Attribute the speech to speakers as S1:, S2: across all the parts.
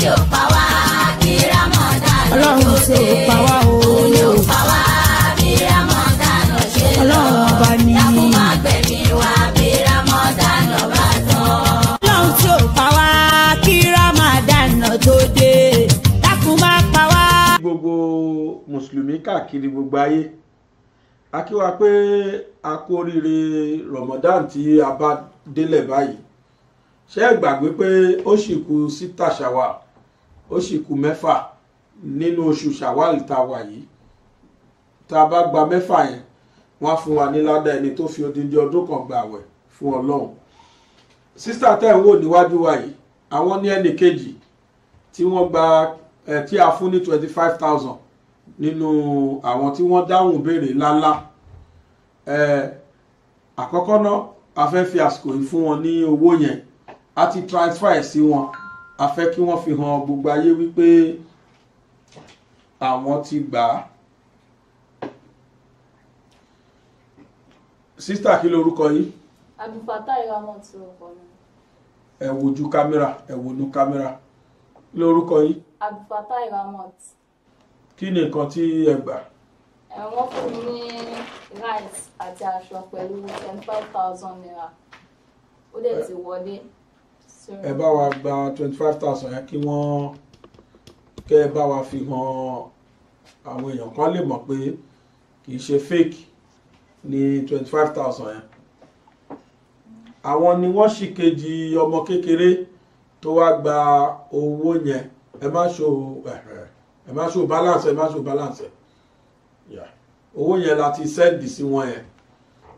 S1: tí ò pa wá bí Ramadan ló dé. Ọlọ́run tí ò pa wá o. Òun ni ò pa wá bí Ramadan ló ṣe lọ. Ọlọ́run ọba ni. Dákun má gbẹ̀mí wa bí Ramadan ló bá tán. Ọlọ́run tí ò pa wá kí Ramadan tó dé. Dákun má pa wá.
S2: Gbogbo Mùsùlùmí káàkiri gbogbo ayé a kí wa pé a kú oríire Ramadan tí a bá délẹ̀ báyìí ṣé ẹ gbàgbé pé ó sì kù sí tàṣàwà ó sì kù mẹ́fà nínú oṣù Ṣawal tá a wà yìí tá a bá gba mẹ́fà yẹn wọ́n á fún wa ní ládàá ẹni tó fi odindi ọdún kan gbà wẹ̀ fún Ọlọ́run sísítà tẹ́ ń wò níwájú wa yìí àwọn ní ẹnì kejì tí wọ́n gba ẹ̀ tí a fún ní twenty five thousand nínú àwọn tí wọ́n dáhùn béèrè ńláńlá ẹ̀ àkọ́kọ́ náà a fẹ́ fi àsìkò yìí fún wọn ní owó yẹn a ti transfer ẹ̀ sí wọn a fẹ́ kí wọ́n fi hàn gbogbo ayé wípé àwọn ti gbà á. sísítà kí lorúkọ yìí.
S1: Abdulfatai Ramot orúkọ mi.
S2: ẹ wojú kámẹ́rà ẹ wonú kámẹ́rà kí lorúkọ yìí.
S1: Abdulfatai Ramot.
S2: kí ni nǹkan tí ẹ gbà.
S1: wọ́n fún mi rice àti aṣọ pẹ̀lú twenty five thousand naira ó dẹ̀ ti wọlé ẹ bá wa
S2: gba twenty five thousand yẹn kí wọ́n kẹ́ ẹ bá wa fi hàn àwọn èèyàn kan lè mọ̀ pé kì í ṣe fake ní twenty five thousand yẹn àwọn ni wọ́n sì kejì ọmọ kékeré tó wá gba owó yẹn ẹ má ṣò ẹ má ṣò balance ẹ má ṣò balance yeah. owó yẹn láti sẹ́ndì sí wọn yẹn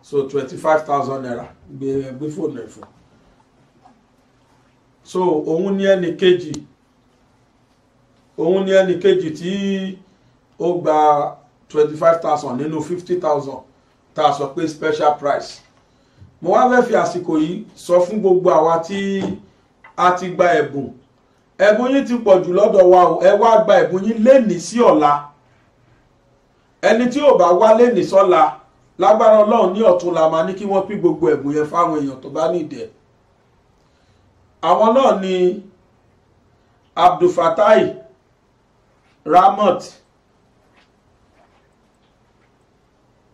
S2: so twenty five thousand naira gbé fóònù ẹ̀ fún un so òun ni ẹnì kejì òun ni ẹnì kejì tí ó gba twenty five thousand nínú fifty thousand tá a sọ pé special price mo wá fẹ́ fi àsìkò yìí sọ fún gbogbo àwa tí a ti gba ẹ̀bùn ẹ̀bùn yín ti pọ̀ jù lọ́dọ̀ wa o ẹ wá gba ẹ̀bùn yín lénìí sí ọ̀la ẹni tí ò bá wá lénìí sọ́la lágbára ọlọ́run ní ọ̀tún la máa ní kí wọ́n pín gbogbo ẹ̀bùn yẹn fáwọn èèyàn tó bá nídìí àwọn náà ni abdulfatai ramot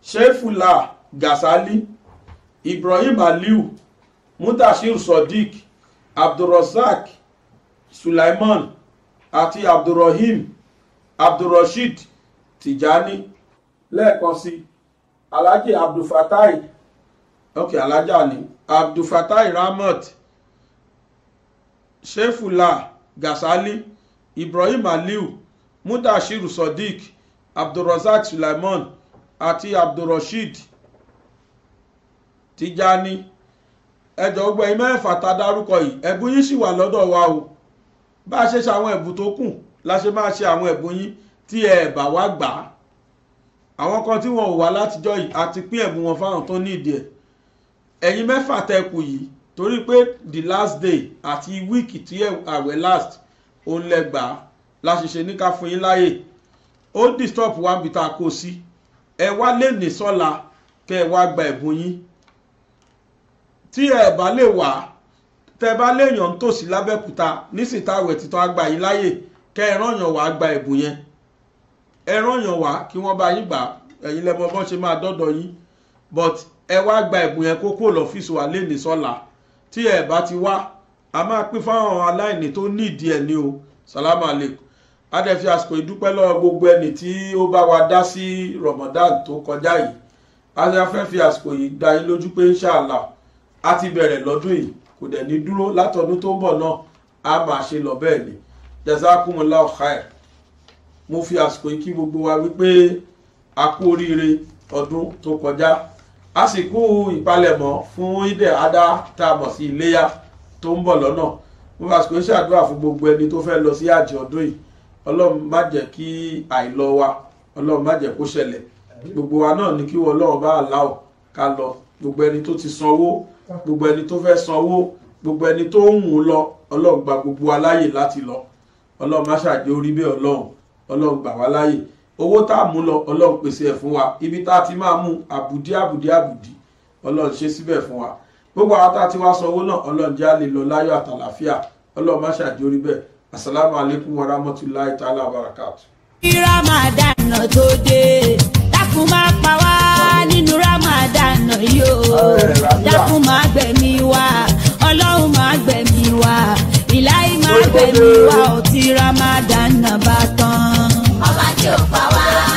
S2: sheifula gasali ibrahim aliu mutashir sodiq abdulrozak sulaiman àti abdulrahim abdulrasheed tijani lẹ́ẹ̀kan sí alhaji abdulfatai Okay, alhaji ani abdulfatai ramot shefula gasali ibrahim aliu mudashiru sodiq abdulrasaq sulaiman àti abdulrasheed tijani ẹjọ gbogbo ẹ̀yin mẹ́fà tá dárúkọ yìí ẹ̀bùn yín sì wà lọ́dọ̀ wa o bá a ṣe ṣe àwọn ẹ̀bùn tó kù la ṣe máa ṣe àwọn ẹ̀bùn yín tí ẹ bá wá gbà á àwọn kan tí wọn ò wá látijọ́ yìí àti pín ẹ̀bùn wọn fáwọn tó ní ìdí ẹ̀ ẹ̀yin mẹ́fà tẹ́ yìí torí pé the last day àti week tí àwẹ̀ last òun lẹ́gbà láṣìṣe ní ká fún yín láàyè ó disturb wa bí ta kó sí ẹ wá lè ní sọ́la kẹ ẹ wá gba ẹ̀bùn yín tí ẹ bá lè wá tẹ bá léèyàn tòsí lábẹ́kúta nísìta àwẹ̀ títọ́ àgbà yín láàyè kẹ ẹ rányàn wá gba ẹ̀bùn yẹn ẹ rányàn wá kí wọ́n bá yín gbà ẹ̀yin lẹ́mọ bọ́n ṣe máa dọ́dọ̀ yín but ẹ wá gba ẹ̀bùn yẹn kó kúrò lọ́fíìsì wa lè ní sọ́la. So tí ẹ bá ti wá a máa pín fáwọn aláìní tó nídìí ẹ ní o salamu alaykum a àsìkò ìdúpẹ́ lọ́wọ́ gbogbo ẹni tí ó bá wa dá sí Ramadan tó kọjá yìí a ti fẹ́ fi àsìkò yìí dá yín lójú pé inshàlá a ti bẹ̀rẹ̀ lọ́dún yìí kò dẹ̀ ní dúró látọdún tó ń bọ̀ náà a máa ṣe lọ bẹ́ẹ̀ ni jazakumullahu khair mo fi àsìkò yìí kí gbogbo wa wípé a kú oríire ọdún tó kọjá àsìkò ìpalẹ̀mọ́ fún ìdè adá tá a mọ̀ sí iléyà tó ń bọ̀ lọ́nà mo fàṣìkò ń ṣàdúrà fún gbogbo ẹni tó fẹ́ lọ sí àjọ ọdún yìí ọlọ́run má jẹ́ kí àìlọ wa ọlọ́run má jẹ́ kó ṣẹlẹ̀ gbogbo wa náà ní kí wọ́n ọlọ́run bá aláwọ̀ ká lọ gbogbo ẹni tó ti sanwó gbogbo ẹni tó fẹ́ sanwó gbogbo ẹni tó ń mú lọ ọlọ́run gba gbogbo wa láti lọ ọlọ́run má ṣàjẹ́ orí bẹ́ẹ̀ ọlọ́run ọlọ́run gbà wá láàyè owó tá a mú lọ ọlọ́run pèsè ẹ̀ fún wa ibi tá a ti máa mú àbùdí àbùdí àbùdí ọlọ́run ṣe síbẹ̀ fún wa gbogbo àwọn tá a ti wá sanwó náà ọlọ́run jẹ́ a lọ láyọ̀ àtàlàfíà ọlọ́run má ṣàjòrí bẹ́ẹ̀ asalaamu alaykum wa rahmatulahi ta'ala wa barakatu.
S1: kí Ramadan tó dé dákun máa pa wá nínú Ramadan yìí o dákun máa gbẹ̀mí wa ọlọ́run máa gbẹ̀mí wa ìláyìí máa gbẹ̀mí wa ó ti Ramadan bá tán. You're your power.